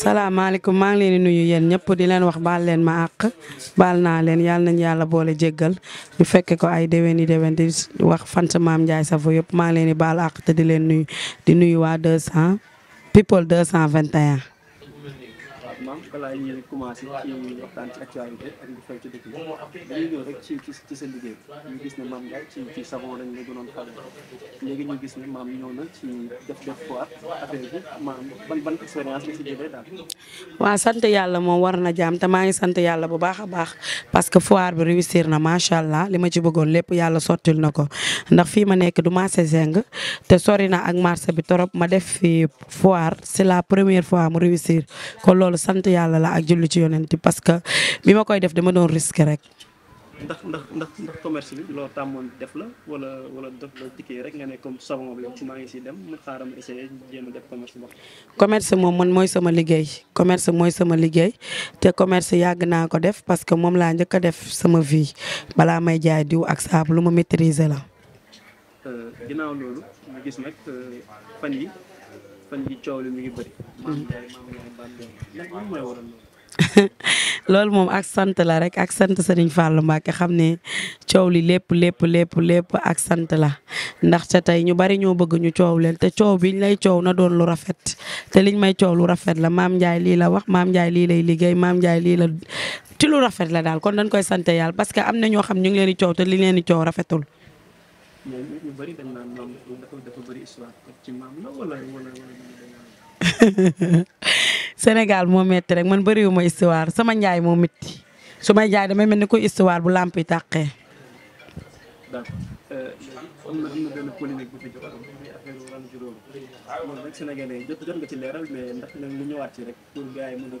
salaamaaleykum maa ngi leen di nuyu yéen ñëpp di leen wax baal leen ma àq baal naa leen yàlla nañu yàlla boole jéggal ñu fekke ko ay déwén yi di wax fan sa maam Ndiaye Savon yëpp maa leen di baal te di leen nuyu di nuyu waa 200 people 221. maam balaa ñuy ci sa gis ne maam sant yàlla moom war na jaam te maa ngi sant yàlla bu baax a baax parce que foire bi réussir na macha allah li ma ci bëggoon lépp yàlla sottil na ko ndax fii ma nekk du marché zeng te sori na ak marché bi torop ma def fi foire c'est la première fois mu réussir kon loolu sant sant yàlla la ak julli ci yonenti parce que bi ma koy def dama doon commerce loo tàmmoon def def la dikkee rek nga ne comme savon bi maa ngi si dem mu xaaral ma moom man mooy sama liggéey commerce mooy sama liggéey te commerce yàgg naa ko def parce que moom laa njëkk def sama vie balaa may jaay diw ak saabu lu ma maîtriser la. Euh, fan yi mm-hmm. loolu moom ak sant la rek ak sant Serigne Fallou Mbacké xam ne coow li lépp lépp lépp lépp ak sant la ndaxte tey ñu bari ñoo bëgg ñu coow leen te coow biñ lay coow na doon lu rafet te liñ may coow lu rafet la maam Ndiaye lii la wax maam Ndiaye lii lay liggéey maam Ndiaye lii la ci lu rafet la daal kon dañ koy sant yàlla parce que am na ñoo xam ñu ngi leen coow te li leen di coow rafetul. ñoom ñu bëri dañ Sénégal moo metti rek man bëriwuma histoire sama njaay moo metti su may jaay damay mel ni ko histoire bu làmp yi tàqee. am na am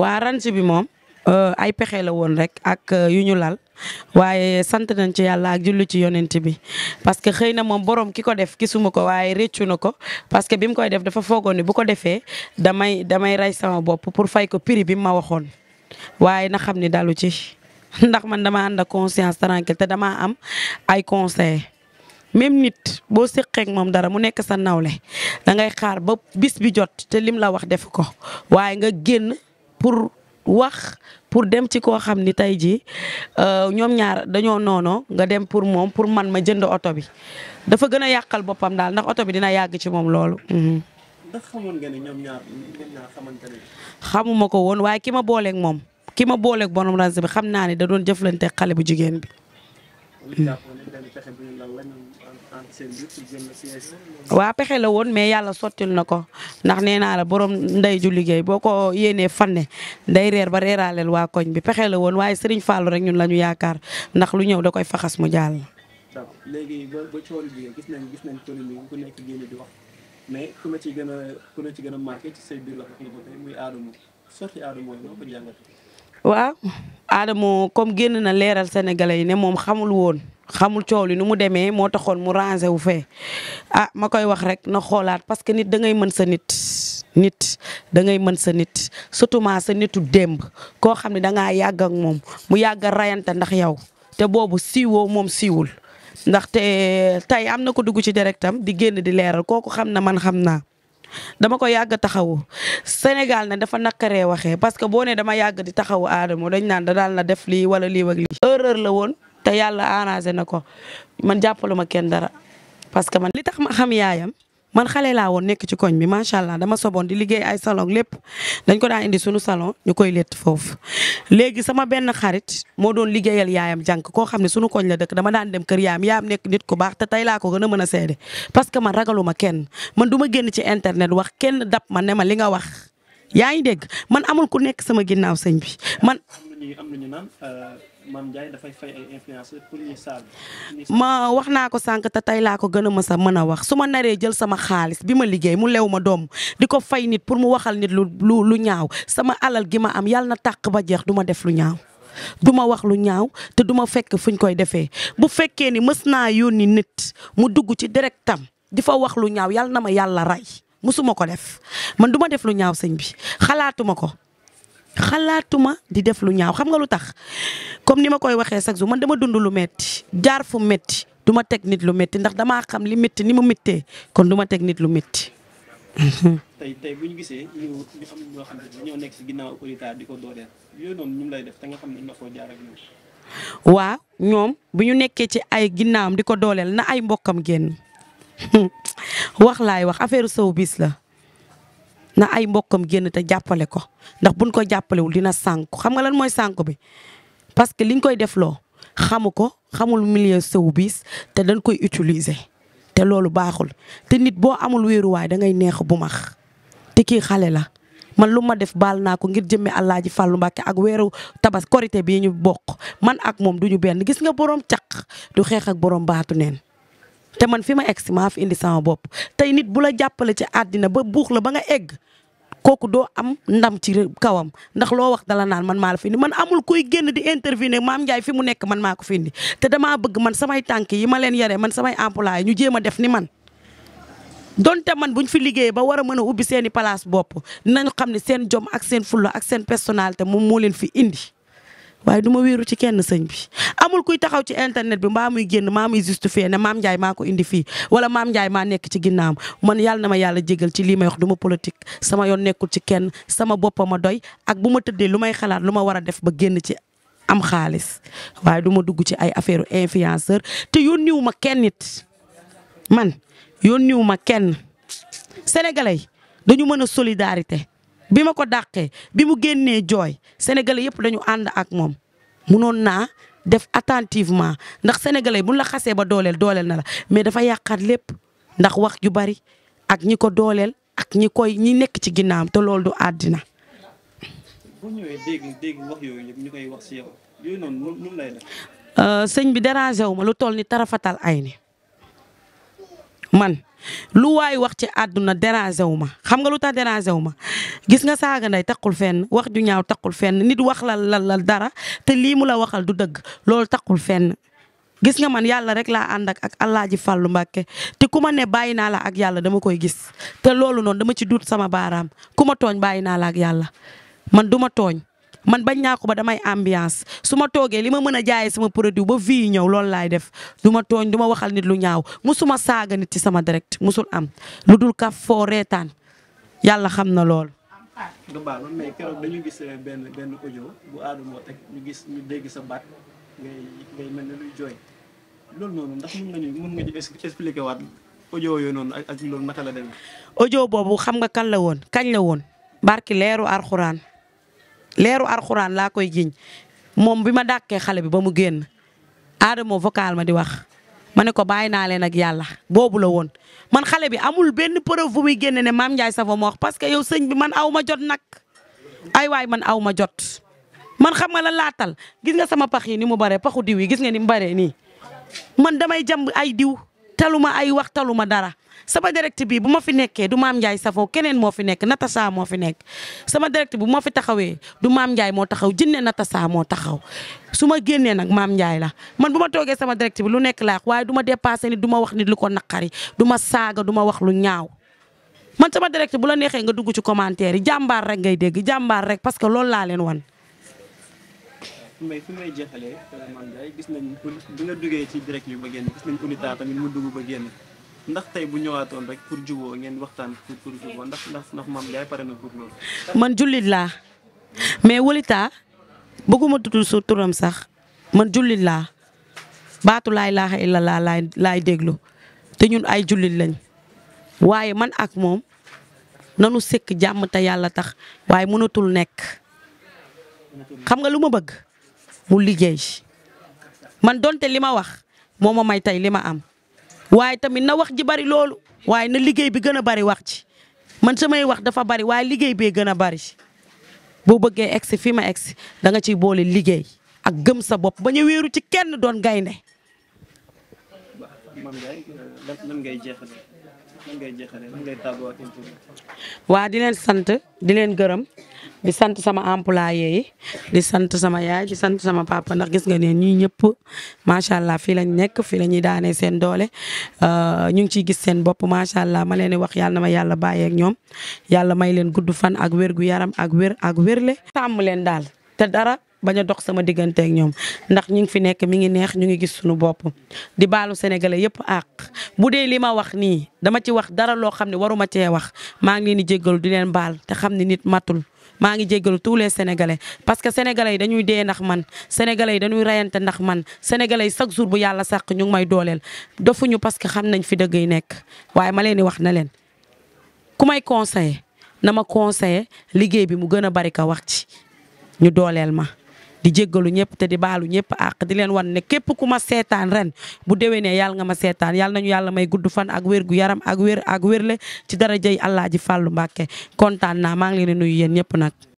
waa ran bi moom. Euh, ay pexe la woon rek ak euh, yu waaye sant nañ ci yàlla ak jullu ci yonent bi parce que xëy na moom borom ki ko def gisuma ko waaye réccu na ko parce que bi mu koy def dafa foogoon ni bu ko defee damay damay rey sama bopp pour fay ko prix bi mu ma waxoon waaye na xam ni dalu ci ndax man dama ànd ak conscience tranquille te damaa am ay conseil même nit boo séqeek moom dara mu nekk sa nawle da ngay xaar ba bis bi jot te lim la wax def ko waaye nga génn pour wax pour dem ci koo xam ni tey jii euh, ñoom ñaar dañoo noonoo nga dem pour moom pour man ma jënd oto bi dafa gën a yàqal boppam daal ndax oto bi dina yàgg ci moom loolu. Mm-hmm. ndax xamoon xamuma ko woon waaye ki ma booleek moom ki ma booleeg borom ranse bi xam naa ne da doon jëflante xale bu jigéen bi. waa pexe la woon mais yàlla sottil na ko ndax nee naa la boroom ndey ju liggéey boo ko yéenee fan ne day reer ba reeraaleel waa koñ bi pexe la woon waaye sëriñ Fallou rek ñun la ñu yaakaar ndax lu ñëw da koy faxas mu jàll. léegi ba ba coono bi gis nañ gis nañ coono bi ku di wax mais ku la ci gën a ku ci gën a marqué ci say biir la ko muy waaw Adamo comme génn na leeral sénégalais yi ne moom xamul woon. xamul coow li nu mu demee moo taxoon mu rangé wu fee ah ma koy wax rek na xoolaat parce que nit da ngay mën sa nit nit da ngay mën sa nit surtout ma sa nitu démb koo xam ne da ngaa yàgg ak moom mu yàgg a ndax yow te boobu siiwoo moom siiwul ndaxte tey am na ko dugg ci directam di génn di leeral kooku xam na man xam naa dama ko yàgg taxawu Sénégal ne dafa nakkaree waxee parce que boo ne dama yàgg di taxawu Adamo dañ naan da daal na def lii wala lii ak lii erreur la woon te yàlla arrangé na ko man jàppalu ma kenn dara parce que man li tax ma xam yaayam man xale laa woon nekk ci koñ bi macha allah dama soboon di liggéey ay salon lépp dañ ko daan indi suñu salon ñu koy létt foofu. léegi sama benn xarit moo doon liggéeyal yaayam jànk koo xam ne suñu koñ la dëkk dama daan dem kër yaayam yaayam nekk nit ko baax te tey laa ko gën a mën a seede parce que man ragaluma kenn man du ma génn ci internet wax kenn dab man ne ma li nga wax yaa ngi dégg man amul ku nekk sama ginnaaw sëñ bi man. Mame Ndiaye dafay ma wax naa ko sànq te tey laa ko gën a mës a mën a wax su ma naree jël sama xaalis bi ma liggéey mu lew ma doom di ko fay nit pour mu waxal nit lu lu ñaaw sama alal gi ma am yal na tàq ba jeex duma def lu ñaaw. du ma wax lu ñaaw te duma fekk fuñ koy defee bu fekkee ni mës naa yónni nit mu dugg ci directam di fa wax lu ñaaw yàlla na ma yàlla rey mësuma ko def man du ma def lu ñaaw sëñ bi xalaatuma ko. xalaatuma di def lu ñaaw xam nga lu tax comme ni ma koy waxee sax su man dama dund lu metti jaar fu metti du ma teg nit lu metti ndax damaa xam li metti ni mu mettee kon du ma lu metti mhm. tey tey nekk ci ginnaaw ko dooleel yooyu def te xam ne ñu ko ñoom. waaw ñoom bu ñu nekkee ci ay ginnaawam di ko dooleel na ay mbokkam génn wax laay wax affaire sow bis la na ay mbokkam génn te jàppale ko ndax buñ ko jàppalewul dina sànku xam nga lan mooy sànku bi parce que liñ koy defloo xamu ko xamul milieu bis te dañ koy utiliser te loolu baaxul te nit boo amul wéeruwaay da ngay neex bu max te kii xale la man lu ma def baal naa ko ngir jëmme Alaaji Fàllu Mbàkke ak weeru tabas korité bii ñu bokk man ak moom duñu benn gis nga borom caq du xeex ak borom baatu neen te man fi ma egg si fi indi sama bopp tey nit bu la jàppale ci àddina ba buux la ba nga egg kooku doo am ndam ci kawam ndax loo wax dala naan man maa la fi indi man amul kuy génn di intervenir maam Ndiaye fi mu nekk man maa ko fi indi te damaa bëgg man samay tànk yi ma leen yare man samay employé ñu jéem a def ni man. donte man buñ fi liggéeyee ba war a mën a ubbi seen i place bopp dinañu xam ne seen jom ak seen fulla ak seen personnalité moom moo leen fi indi. waaye duma ma wéeru ci kenn sëñ bi amul kuy taxaw ci internet bi mbaa muy génn maa muy justifié ne maam Ndiaye maa ko indi fii wala maam Ndiaye maa nekk ci ginnaawam man yàlla na ma yàlla jégal ci lii may wax du ma politique sama yoon nekkul ci kenn sama bopp ma doy ak bu ma tëddee lu may xalaat lu ma war a def ba génn ci am xaalis waaye du ma dugg ci ay affaire influenceur te yónniwu ma kenn nit man yónniwu ma kenn sénégalais dañu mën a solidarité bi ma ko dàqee bi mu génnee jooy sénégalais yëpp dañu ànd ak moom munoon naa def attentivement ndax sénégalais buñ la xasee ba dooleel dooleel na la mais dafa yàqaat lépp ndax wax ju bari ak ñi ko dooleel ak ñi koy ñi nekk ci ginnaawam te loolu du àddina. boo ñu koy wax euh, sëñ bi dérangé wu ma lu toll ni tarafatal ay ni man lu waayu wax ci àdduna déranger wu ma xam nga lu ta déranger wu ma gis nga saaga nday taqul fenn wax ju ñaaw taqul fenn nit wax la la la dara te lii mu la waxal du dëgg loolu taqul fenn. gis nga man yàlla rek laa ànd ak ak Alaaji Fàllu Mbàkke te ku ma ne bàyyi naa la ak yàlla dama koy gis te loolu noonu dama ci duut sama baaraam ku ma tooñ bàyyi naa la ak yàlla man duma ma tooñ man bañ naa ko ba damay ambiance su ma toogee li ma mën a jaayee sama produit ba vie ñëw loolu laay def du ma tooñ du ma waxal nit lu ñaaw musuma saaga nit ci sama direct mësul am lu dul kaf foo reetaan yàlla xam na lool. du gis eh, benn benn audio bu aadama gis ñu sa mel ne luy jooy ndax mën nga ñu mën nga ñu expliquer waat audio yooyu noonu ak ak loolu naka la demee. audio boobu xam nga kan la woon kañ la woon barki leeru alxuraan leeru arxuraan laa koy jiñ moom bi ma dàkkee xale bi ba mu génn Adamo vocal ma di wax ma ne ko bàyyi naa leen ak yàlla boobu la woon man xale bi amul benn preuve bu muy génne ne maam sa Savon ma wax parce que yow sëñ bi man aw ma jot nag ay waay man aw ma jot. man xam nga la laatal gis nga sama pax yi ni mu bare paxu diw yi gis nga ni mu bare nii man damay jàmb ay diw. taluma ay wax taluma dara sama direct bi bu ma fi nekkee du maam Ndiaye Savon keneen moo fi nekk Natacha moo fi nekk sama direct bi bu ma fi taxawee du maam Ndiaye moo taxaw jinne Natacha moo taxaw su ma génnee nag maam Ndiaye la man bu ma toogee sama direct bi lu nekk laa waaye duma ma dépassé nit du ma wax nit lu ko naqari du ma saaga duma wax lu ñaaw. man sama direct bu la neexee nga dugg ci commentaire yi jàmbaar rek ngay dégg jàmbaar rek parce que loolu laa leen wan. fi may fi man gis nañ bi nga ci direct ba génn gis nañ tamit mu dugg ba génn ndax tey bu ñëwaatoon rek pour juboo ngeen waxtaan pour pour juboo ndax ndax ndax maam pare na pour loolu. man jullit laa mais walita bëgguma tudd su turam sax man jullit laa baatu laay laaxa illa laa laay déglu te ñun ay jullit lañ waaye man ak moom nanu sëkk jàmm te yàlla tax waaye mënatul nekk xam nga lu ma bëgg. mu liggéey man donte li ma wax moo ma may tey li ma am waaye tamit na wax ji bari loolu waaye na liggéey bi gën a bari wax ci man samay wax dafa bari waaye liggéey bee gën a bari boo bëggee egsi fi ma egsi da nga ciy boole liggéey ak gëm sa bopp bañ a wéeru ci kenn doon gaynde waa di leen sant di leen gërëm di sant sama employé yi di sant sama yaay di sant sama papa ndax gis nga ne ñii ñëpp macha allah fii lañ nekk fii la ñuy daanee seen doole euh, ñu ngi ciy gis seen bopp macha allah ma leen di wax yàlla na ma yàlla bàyyee ñoom yàlla may leen gudd fan ak wér yaram ak wér ak wérle. tàmm leen daal te dara. bañ a dox sama diggante ak ñoom ndax ñu ngi fi nekk mi ngi neex ñu ngi gis suñu bopp di baalu sénégalais yëpp àq bu dee li ma wax nii dama ci wax dara loo xam ne waruma cee wax maa ngi leen di jéggalu di leen baal te xam ne nit matul maa ngi jéggalu tous les sénégalais parce que sénégalais yi dañuy dee ndax man sénégalais yi dañuy rayante ndax man sénégalais yi jour bu yàlla sàq ñu ngi may dooleel dofuñu parce que xam nañ fi dëgg yi nekk waaye ma leen di wax na leen ku may conseiller na ma conseiller liggéey bi mu gën a bari ka wax ci ñu dooleel ma di jéggalu ñëpp te di baalu ñëpp àq di leen wan ne képp ku ma seetaan ren bu déwénee yàlla nga ma seetaan yàlla nañu yàlla may gudd fan ak wér gu yaram ak wér ak wérle ci dara jëy Alaaji Fàllu Mbàkke kontaan naa maa ngi leen di nuyu yéen ñëpp nag